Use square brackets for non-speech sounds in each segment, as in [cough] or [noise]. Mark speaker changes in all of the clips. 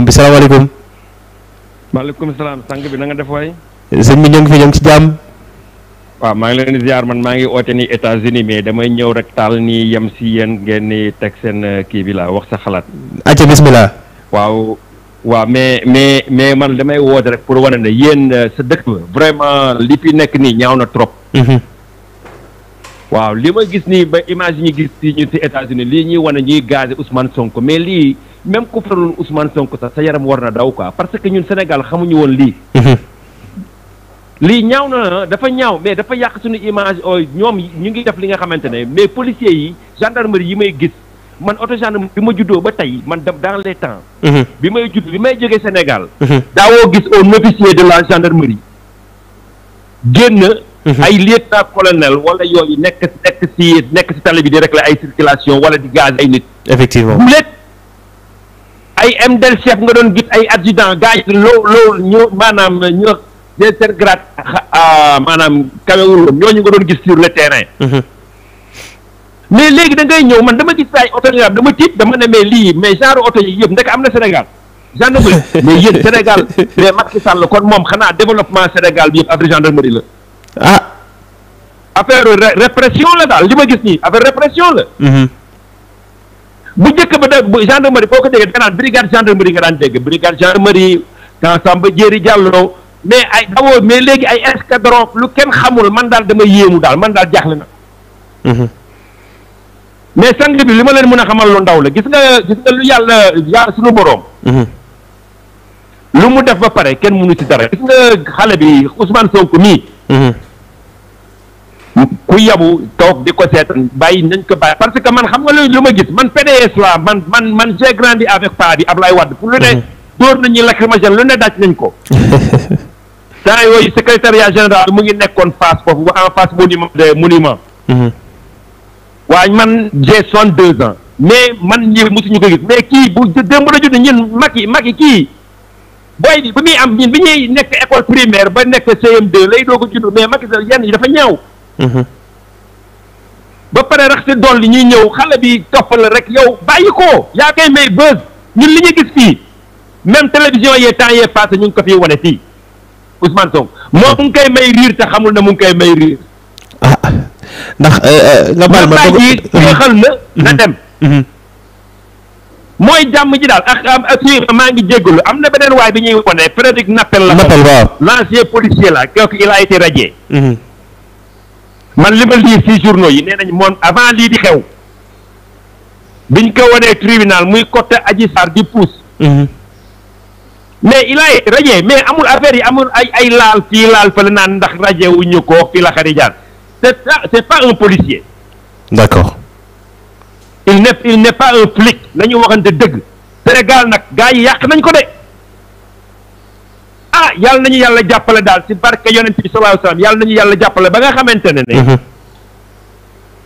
Speaker 1: maaleykum bi salaamaaleykum.
Speaker 2: maaleykum salaam sang bi na nga def waay.
Speaker 1: sëñ bi ñoo ngi fi ñoo ngi
Speaker 2: jàmm. waaw maa ngi leen di ziar man maa ngi oote ni États-Unis mais damay ñëw rek taal ni yem si yéen ngeen ni teg seen uh, kii bi la wax sa xalaat.
Speaker 1: acca bismillah.
Speaker 2: waaw waaw mais mais mais man damay woote rek pour wane ne yéen uh, sa dëkk ba vraiment li fi nekk nii ñaaw na trop. Mhm. waaw li ma gis nii ba image yi gis si ñu si États-Unis lii ñuy wane ñuy gazé Ousmane Sonko mais lii. même ku faraloon Ousmane Sonko sax sa yaram war na daw quoi parce que ñun Sénégal xamuñu woon lii. Mhm. lii ñaaw na dafa ñaaw mais dafa yàq suñu image ñoom ñu ngi def li nga xamante ne mais policiers yi gendarmerie yi may gis man auto gendarmerie bi ma juddoo ba tey man dem dans les temps. Mhm. bi may judd bi may jógee Sénégal. Mhm. daawoo gis un officier de la gendarmerie génn. ay lieutenant colonel wala yooyu nekk nekk si nekk si tali bi di régler ay circulation wala di gaz ay nit. effectivement ay MDL chef nga doon gis ay adjudant gars yi loo loo ñu maanaam ñu des seen grade ah, maanaam kawewul woon ñooñu nga doon gis sur le terrain. Mhm. mais léegi da ngay ñëw man dama gis ay oto yoo xam dama tiit dama lii mais genre oto yëpp ndek am na Sénégal. gendarmerie [laughs] mais yéen Sénégal mais Macky Sall kon moom xanaa développement Sénégal bi yëpp affaire gendarmerie la. ah. affaire répression la daal li ma gis nii affaire répression la. Mhm. bu njëkk ba da gendarmerie boo ko déggee da nga naan brigade gendarmerie nga daan dégg brigade gendarmerie dans Samba Jéeri Jàlloo mais ay dawoo mais léegi ay escadron lu kenn xamul man daal dama yéemu daal man daal jaaxle na. Mhm. mais sang bi li ma leen mën a xamal lu ndaw la gis nga gis nga lu yàlla yàlla suñu boroom. Mhm. lu mu def ba pare kenn mënu ci dara gis nga xale bi Ousmane Sonko mii. Mhm. ku yabu toog di ko seetaan bàyyi nañ ko bàyyi parce que man xam nga lu ma gis man PDS la man man man j'ai grandi avec paa bi Ablaye Wade pour lu ne mhm. dóor nañu lacrymogène lu ne daaj nañ ko temps [laughs] yooyu secrétariat général mu ngi nekkoon face foofu en face monument de monument mhm. waaye man j'ai soixante-deux ans mais man ñi ñu ko gis mais kii bu démb la judd ñun mag yi mag yi kii booy bi bi muy am ñun bi ñuy nekk école primaire ba nekk cm lay doo ko judd mais Macky Sall yenn yi dafa ñaaw Mhm. ba pare rax si dolli ñuy ñëw xale bi toppal rek yow bàyyi ko yaa koy may buzz ñun li ñu gis fii même télévision yee temps yee passé ñu ngi ko fiy wane fii Ousmane Sonko moo mu ngi koy may riir te xamul na mu ngi koy may riir. ah ndax euh, euh, nga baal ma bëgg mhm. xal na na dem. Mhm. mooy jàmm ji daal ak ak maa ngi jégalu am na beneen waay bi ñuy wane Frédéric Nappel la. Nappel waaw l'ancien policier la kooku il a été radié. man li ma lire ci journaux yi nee nañ moom avant lii di xew biñ ko wanee tribunal muy côté Adji Sarr di pousse. Mhm. mais il a mais amul affaire yi amul ay ay laal fii laal fële ndax radié wu ñu ko fii la xarijaan c'est ça c'est pas un policier. d'accord. il n'est il n'est pas un flic nañu waxante dëgg. Sénégal nag gaa yi yàq nañ ko de. ah yàlla nañu yàlla jàppale daal si barke yonent bi sallallahu alayhi wasallam yàlla nañu yàlla jàppale ba nga xamante ne ne mhm.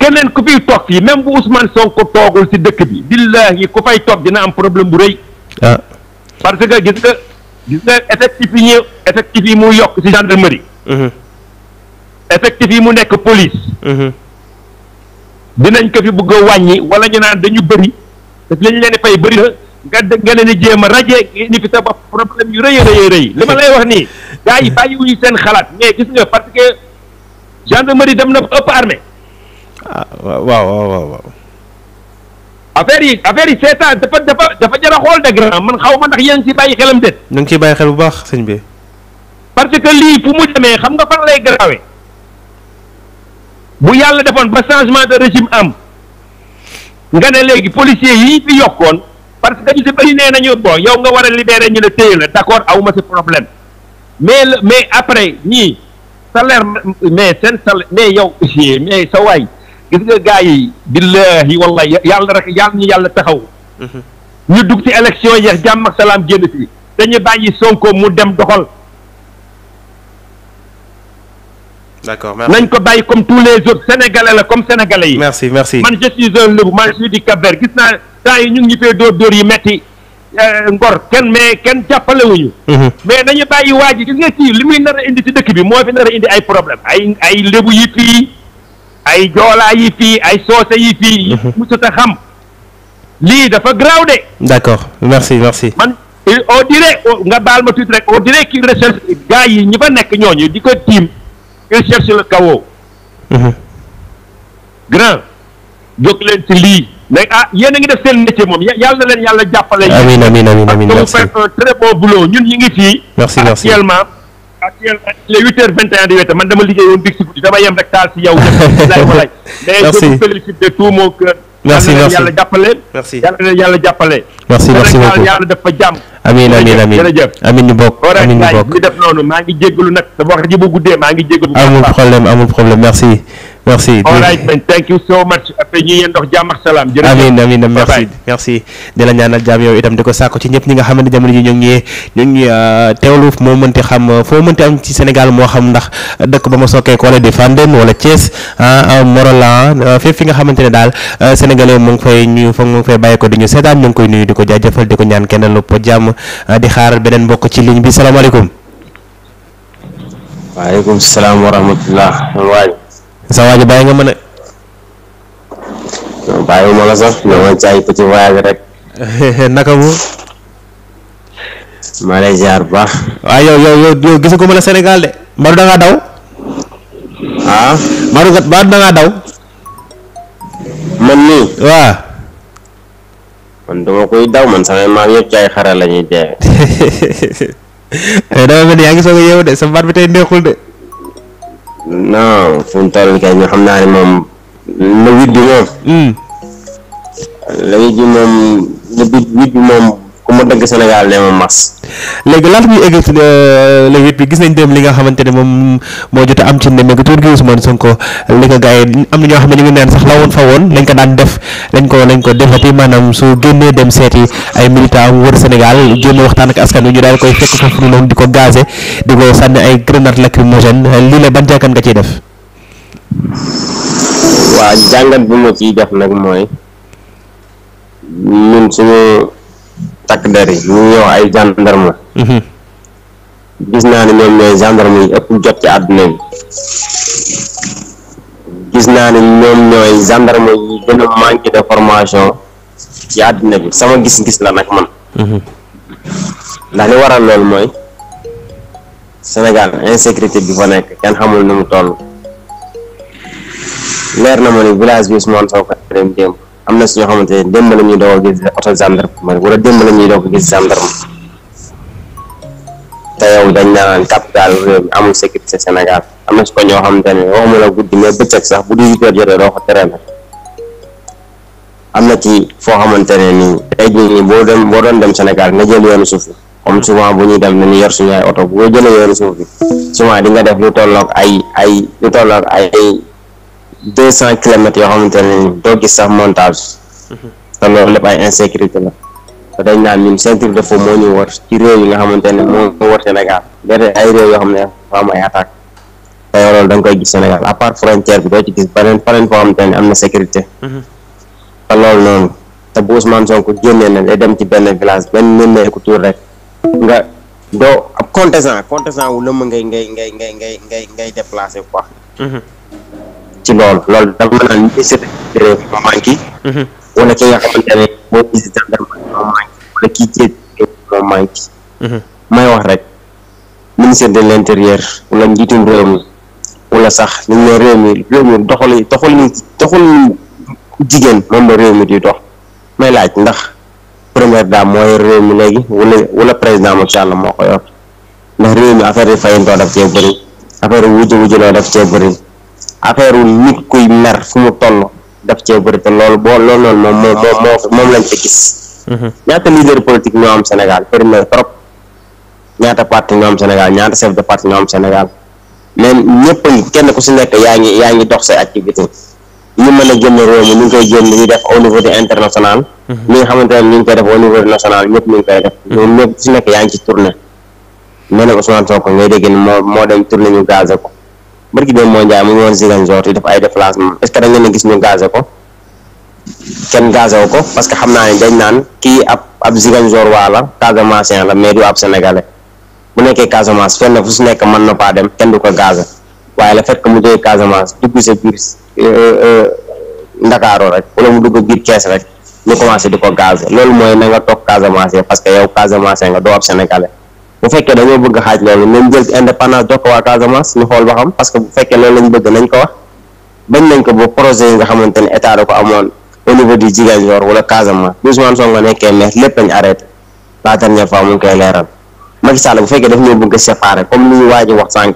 Speaker 2: keneen ku fiy toog fii même bu Ousmane Sonko toogul ci dëkk bi billahi ku fay toog dina am problème bu rëy ah. parce que gis nga gis nga effectif yi ñu effectif yi mu yokk ci gendarmerie mhm. effectif yi mu nekk police mhm. dinañ ko fi bëgg wàññi wala ñu naan dañu bëri daf lañ leen fay bëri na nga nga leen di jéem a raje indi fi sa bopp problème yu rëy a rëy rëy li ma lay wax nii gars yi bàyyiwuñu seen xalaat mais gis nga parce que gendarmerie dem na ëpp armée.
Speaker 1: ah waaw waaw waaw waaw.
Speaker 2: affaire yi affaire yi seetaan dafa dafa dafa jar a xool de grand man xaw ma ndax yéen si bàyyi xelam déet. ñu ngi ciy bàyyi xel bu baax sëñ bi. parce que lii fu mu demee xam nga fan lay garaawee. bu yàlla defoon ba changement de régime am. nga ne léegi policiers yi fi yokkoon. parce que ñu si bëri nee nañu bon yow nga war a libéré ñu ne téye la d' accord si problème mais mais après ñii salaire mais seen salaire mais yow mais sa waay gis nga gars yi billahi wallahi yàlla rek yàlla ñu yàlla taxaw mhm. ñu dugg ci élection yi jàmm ak salaam génn si dañu bàyyi Sonko mu dem doxal
Speaker 1: d'accord merci nañ ko
Speaker 2: bàyyi comme tous les autres sénégalais la comme sénégalais yi merci merci man je suis un lébu man je gis naa temps yi ñu ngi ñibbee dóor dóor yi metti eh, ngor kenn mais kenn jàppalewuñu mm-hmm. mais nañu bàyyi waa ji gis nga kii li muy nar indi ci dëkk bi moo fi nar indi ay problème ay ay lébu yi fii ay joolaa yi fii ay soose yi fii mm-hmm. musut a xam lii dafa graw de
Speaker 1: d'accord merci merci
Speaker 2: man on oh, nga baal ma tuuti rek on dirait qu'il recherche yi ñi fa nekk ñooñu di ko tiim il cherche le chaos mm-hmm. grand jóg leen lii mais ah yéen a ngi def seen métier moom yàlla na leen yàlla jàppale. amiin amiin amiin amiin merci ak un très beau boulot ñun ñu ngi fii. merci merci actuellement. actuellement il est huit heures vingt et un di wéete man dama liggéeyoon dig si guddi dama yem rek taal si yow. lay ko laaj mais je vous félicite de tout mon cœur. merci merci yàlla jàppale. merci yàlla na yàlla jàppale. merci merci beaucoup yàlla def fa jàmm. amiin amiin amiin jërëjëf
Speaker 1: amiin ñu bokk amiin ñu bokk. ñu
Speaker 2: def noonu maa ngi jégalu nag sa wax ji bu guddee maa ngi jégalu. amul
Speaker 1: problème amul problème merci. merci all right
Speaker 2: Ben thank you so much après ñu
Speaker 1: salaam jërëjëf amiin amiin merci merci di la ñaanal jàmm yow itam di ko sàkku ci ñëpp ñi nga xamante ne jamono ji ñu ngi ñu ngi euh, teewlu moo mënti xam euh, foo mënti am ci senegal moo xam ndax dëkk ba ma sokkee ko wala di Fandène wala Thiès ah, ah, Morolan ah, fépp fi nga xamante ne daal euh, sénégalais mu ngi fay ñu fa mu ngi fay bàyyi ko di ñu seetaan ñu ngi koy nuyu di ko jaajëfal di ko ñaan kenn lu po jàmm di xaar beneen mbokk ci ligne bi salaamaaleykum
Speaker 3: waaleykum salaam wa rahmatullah sa waaj bàyyi nga mën a. bàyyi ma la sax dama ci ay petit voyage rek.
Speaker 1: [laughs] naka mu.
Speaker 3: maa bu baax.
Speaker 1: waaw yow yow yow gisagu ma la Sénégal de Madou da ngaa daw.
Speaker 3: ah. Madou man nii. waaw. man dama koy daw man samay maam yëpp ci xare la dee. [laughs]
Speaker 1: Eh, dama mel ni yaa ngi soog a yeewu de sa baat bi tey neexul de.
Speaker 3: non fu mu toll kay ñu xam naa ne moom le huit bi moom. le huit bi moom le huit bi moom ku mu dëgg Sénégal ne ma mas.
Speaker 1: léegi laata ñuy egg ci euh, léegi it bi gis nañ dem li nga xamante ne moom moo jot am ci nemmeeku tur gi Ousmane Sonko li ko gars yi am na xam ne ñu ngi naan sax la woon fa woon lañ ko daan def lañ ko lañ ko defati maanaam su génnee dem seeti ay militants wër Sénégal génn waxtaan ak askan wi ñu daal koy fekk foofu noonu di ko gazé di ko sànni ay grenade lacrymogène lii la ban jàngat nga ciy def.
Speaker 3: waaw jàngat bu ma ciy def nag mooy ñun suñu. takk der yi ñu ngi yow ay gendarme mhm. gis naa ni ñoom ñooy gendarme yi ëpp jot ci àdduna bi gis naa ni ñoom ñooy gendarme yi gën a manqué de formation ci àdduna bi sama gis-gis la nag man mhm. ndax li waral loolu mooy Sénégal insécurité bi fa nekk kenn xamul nu mu toll leer na ma ni village bi Ousmane Sonko dem démb am na si ñoo xamante ne démb la ñuy doog a gis oto gendarme wala démb la ñuy doog a gis gendarme te yow dañ naan capital amul sécurité Sénégal am na si ko ñoo xamante ne waxuma la guddi mais bëccëg sax bu dix-huit heures jotee am na ci foo xamante ne nii tey jii boo dem boo doon dem Sénégal nga jël yoonu suuf comme souvent bu ñuy dem nañu yor suñu ay oto boo jëlee yoonu suuf bi souvent di def lu tolloog ay ay lu tolloog ay. deux cent kilomètres yoo xamante ne nii doo gis sax montage. te loolu lépp ay insécurité la te dañ naan ñun ceinture de feu moo ñu war ci réew yi nga xamante ne moo moo war Sénégal déedéet ay yoo xam ne am ay attaque te koy gis Sénégal à part frontière bi doo ci gis beneen beneen foo xamante am na sécurité. te loolu noonu te bu Ousmane Sonko génnee na day dem ci benn village benn nemmeeku tur rek nga doo ab contestant contestant wu lëmm ngay ngay ngay ngay ngay ngay ngay déplacé quoi. Mhm. ci loolu loolu dafa mën a ñu gisatee moom maa ngi. Mhm. ki mhm. may wax rek ministère de l' intérieur wala njiitum réew mi wala sax ñu ne réew mi jigéen réew mi di dox may laaj ndax première dame mooy réew mi léegi wala wala président Macky Sall moo ko yor ndax réew mi affaire yi fayantoo daf cee bëri affaire yi wujj wujj loo daf cee bëri. affaire nit kuy mer fu mu toll daf cee bëri te loolu boo loolu noonu moom moo moom lañ fi gis. Mm-hmm. ñaata leader politique ñoo am Sénégal bëri na trop ñaata parti ñoo am Sénégal ñaata chef de parti ñoo am Sénégal mais ñëpp kenn ku si nekk yaa ngi yaa ngi dox say activité ñu mën a génn réew mi ñu ngi koy génn ñu def au niveau de international. Mm-hmm. ñi nga xamante ne ñu ngi koy def au niveau national ñëpp ñu ngi koy def. Mm-hmm. ñoom ñëpp ku si nekk yaa ngi ci tournée. mel ne Ousmane Sonko ngay dégg moo moo dem tournée ñu gazé ko. barki démb moo Ndiaye mu di def ay déplacement est ce que dañ leen a gis ñu gazé ko kenn gazé ko parce que xam naa ne dañ naan kii ab ab Ziguinchor waa la Casamance la mais ab sénégalais bu nekkee Casamance fenn fu su nekk man na faa dem kenn du ko gazé waaye la fait que mu jógee Casamance dugg sa biir euh, euh, Ndakaaro rek wala mu dugg biir Kees rek ñu commencé di ko gazé loolu mooy na nga toog Casamance parce que yow Casamance nga doo ab sénégalais. bu fekkee dañoo bëgg xaaj loolu nañ jël indépendance ñu xool ba xam que bu fekkee loolu lañ bëgg nañ ko wax bañ yi nga xamante ne état da ko amoon au niveau wala Casamance bi Ousmane Sonko nekkee maire la ngi bu fekkee daf ñoo bëgg a comme li ñu waaj a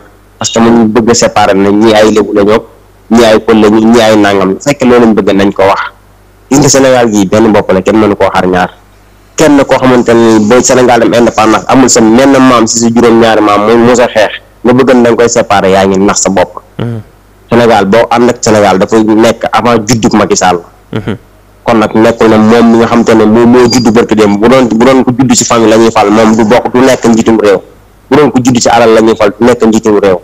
Speaker 3: a séparer nañ ñi ay lébu la ñoom ñi bu fekkee loolu lañ bëgg nañ ko wax gis nga Sénégal gii benn bopp la kenn mënu koo xar ñaar. kenn koo xamante ni ba Sénégal dem indépendance amul sa menn maam si si juróom-ñaari maam mooy mos a xeex yaa ngi nax sa bopp. Mm-hmm. Sénégal boo ànd ak Sénégal dafa nekk avant juddug Macky Sall. Mm-hmm. kon nag nekkul ne moom mi nga xamante ne moo judd barki démb bu doon bu doon ko judd si la ñuy fal moom du bokk du nekk njiitum réew bu ko judd si alal la ñuy fal du nekk réew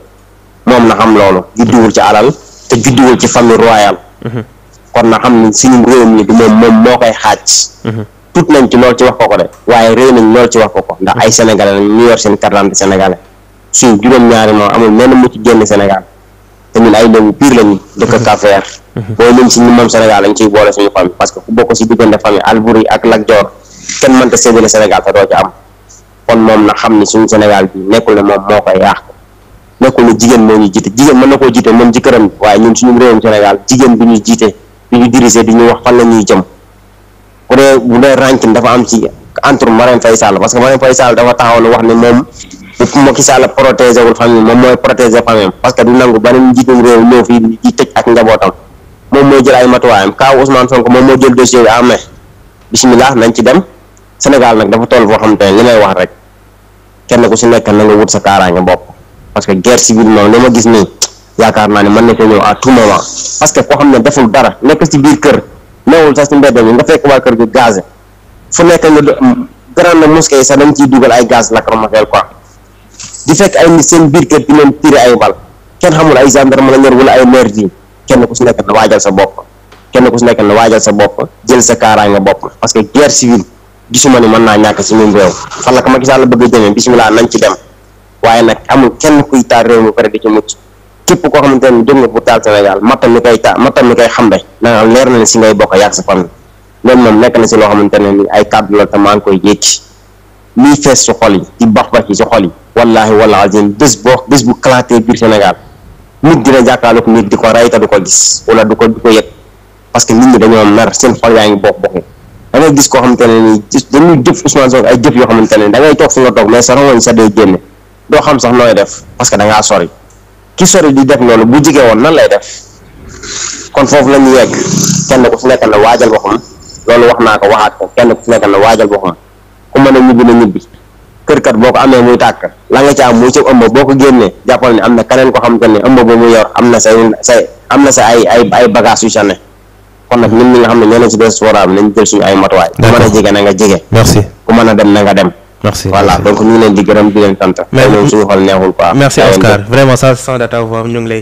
Speaker 3: moom na xam loolu judduwul ci alal te judduwul ci famille royale mm-hmm. kon na xam ne suñu réew mi du moom moo koy xaaj. tut nañ ci lool ci wax ko ko de waaye réy nañ lool ci wax ko ko ndax ay sénégalais lañ ñu yor seen carte sénégalais suñ juróom-ñaari moom amul menn mu ci génn Sénégal te ñun ay lébu pire lañu dëkk [laughs] Cap-Vert si ñu famille parce que ku bokk si diggante famille Albouri ak Lat Joor kenn mënta séddale Sénégal te doo ci am na xam ni suñu Sénégal bi nekkul ne moom moo koy yàq nekkul ne jigéen moo ñu jiite jigéen mën na koo jiite moom jëkkëram waaye ñun suñu réewum Sénégal jigéen bi ñu jiite bi ñu diriger di ñu wax fan la ñuy jëm bu dee bu dee rànkin dafa am ci entre Marème Faye Sall parce que Marème Faye Sall dafa taxaw lu wax ne moom bu Macky Sall protéger wul famille moom mooy protéger famille parce que du nangu beneen njiitum réew ñëw fii di tëj ak njabootam moom mooy jël ay matuwaayam kaw Ousmane Sonko moom moo jël dossier bi en ah main bisimilah nañ ci dem Sénégal nag dafa toll foo xam te ne li may wax rek kenn ku si nekk na nga wut sa kaaraange bopp parce que guerre civile moom li ma gis nii yaakaar naa ne mën na ko ñëw à tout moment xam ne deful dara nekk ci biir kër. neewul sax ci mbedd mi nga fekk waa kër gi gazé fu nekk nga du grande mosquée yi sax dañ ciy dugal ay gaz lacrymogène quoi di fekk ay nit seen biir kër di leen tiré ay bal kenn xamul ay gendarme la ñor wala ay maire yi kenn ku si nekk na waajal sa bopp kenn ku si nekk na waajal sa bopp jël sa nga bopp parce que guerre civile gisuma ni mën naa ñàkk ci ñun réew fan la ko Macky Sall bëgg a jëmee bisimilah nañ ci dem waaye nag amul kenn kuy taal réew mi pare di ci mucc képp koo xamante ne jóg nga pour taal Sénégal mattam mi koy taal mattam mi koy xambe xam ne si ngay bokk sa famille nekk na si loo xamante ne ni ay kàddu la te maa ngi koy yéegi lii fees si xol yi di yi si xol yi wallaahi wallaahi azim bés boo bés bu kalaatee biir Sénégal nit dina jàkkaarloog nit di ko rey wala du ko parce que nit ñi dañoo yaa ngi bokk bokk gis koo xamante ne nii dañuy jëf Ousmane Sonko ay jëf yoo xamante ne da ngay toog fi nga toog mais sa rongoñ sa day génne doo xam sax nooy def parce que da ngaa sori ki sori di def loolu bu jigee woon nan lay def kon foofu la ñu yegg kenn ku ci nekk na waajal boppam loolu wax naa ko waxaat ko kenn ku ci nekk na waajal boppam ku mën a ñibbi na ñibbi kërkat boo ko amee muy tàkk la nga ci am muy ci ëmb boo ko génnee jàppal ne am na keneen ko xam te ne ëmb ba mu yor am na say say am na sa ay ay ay bagage yu ca ne kon nag ñun ñi nga xam ne ñoo ne ci des foraam nañ jël suñu ay matuwaay ku mën a jege na nga jege merci ku mën a dem na nga dem merci voilà
Speaker 4: donc ñu ngi leen di gërëm di leen sant. mais suñu xol neexul quoi. merci Oscar vraiment ça sent de ta voix ñu